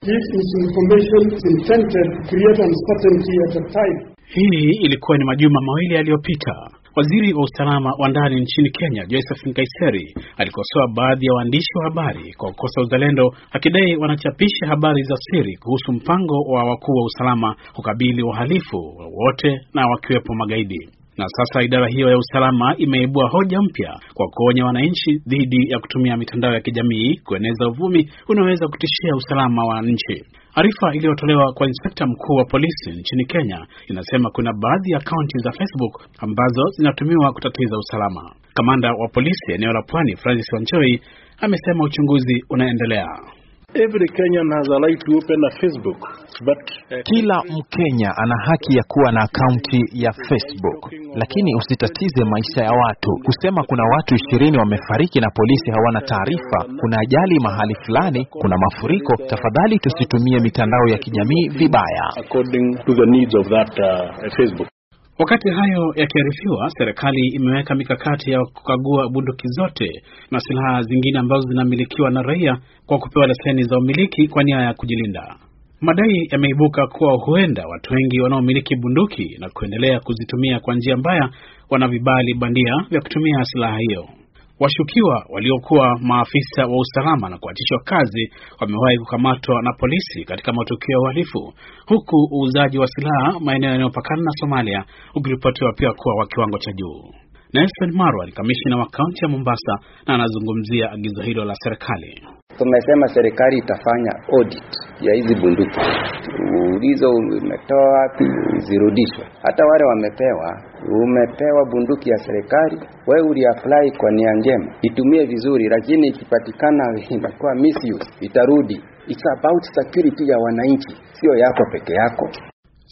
This misinformation is intended to create uncertainty at a time. Hii ilikuwa ni majuma mawili yaliyopita. Waziri wa usalama wa ndani nchini Kenya, Joseph Nkaiseri, alikosoa baadhi ya waandishi wa habari kwa kukosa uzalendo, akidai wanachapisha habari za siri kuhusu mpango wa wakuu wa usalama kukabili wahalifu wote na wakiwepo magaidi na sasa idara hiyo ya usalama imeibua hoja mpya kwa kuonya wananchi dhidi ya kutumia mitandao ya kijamii kueneza uvumi unaoweza kutishia usalama wa nchi. Arifa iliyotolewa kwa inspekta mkuu wa polisi nchini Kenya inasema kuna baadhi ya akaunti za Facebook ambazo zinatumiwa kutatiza usalama. Kamanda wa polisi eneo la Pwani, Francis wanchoi amesema uchunguzi unaendelea. Every Kenyan has a right to open a Facebook, but uh, kila Mkenya ana haki ya kuwa na akaunti ya Facebook, lakini usitatize maisha ya watu. Kusema kuna watu ishirini wamefariki na polisi hawana taarifa, kuna ajali mahali fulani, kuna mafuriko, tafadhali tusitumie mitandao ya kijamii vibaya. According to the needs of that, uh, Facebook. Wakati hayo yakiarifiwa, serikali imeweka mikakati ya kukagua bunduki zote na silaha zingine ambazo zinamilikiwa na raia kwa kupewa leseni za umiliki kwa nia ya kujilinda. Madai yameibuka kuwa huenda watu wengi wanaomiliki bunduki na kuendelea kuzitumia kwa njia mbaya wana vibali bandia vya kutumia silaha hiyo. Washukiwa waliokuwa maafisa wa usalama na kuachishwa kazi wamewahi kukamatwa na polisi katika matukio ya uhalifu, huku uuzaji wa silaha maeneo yanayopakana na Somalia ukiripotiwa pia kuwa wa kiwango cha juu. Nelson Marwa ni kamishina wa kaunti ya Mombasa na anazungumzia agizo hilo la serikali. Tumesema serikali itafanya audit ya hizi bunduki ulizo umetoa wapi, zirudishwe. Hata wale wamepewa, umepewa bunduki ya serikali, wewe uliapply kwa nia njema, itumie vizuri, lakini ikipatikana inakuwa misuse, itarudi. It's about security ya wananchi, sio yako peke yako.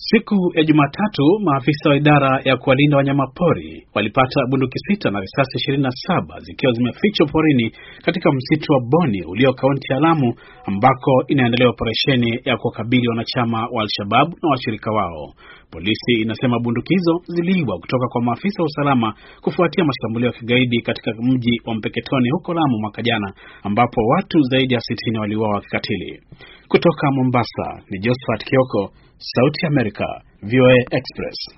Siku ya Jumatatu, maafisa wa idara ya kuwalinda wanyamapori walipata bunduki sita na risasi 27 zikiwa zimefichwa porini katika msitu wa Boni ulio kaunti ya Lamu, ambako inaendelea operesheni ya kuwakabili wanachama wa al shababu na washirika wao. Polisi inasema bunduki hizo ziliibwa kutoka kwa maafisa wa usalama kufuatia mashambulio ya kigaidi katika mji wa Mpeketoni huko Lamu mwaka jana, ambapo watu zaidi ya 60 waliuawa kikatili. Kutoka Mombasa ni Josephat Kioko, Sauti ya Amerika, VOA Express.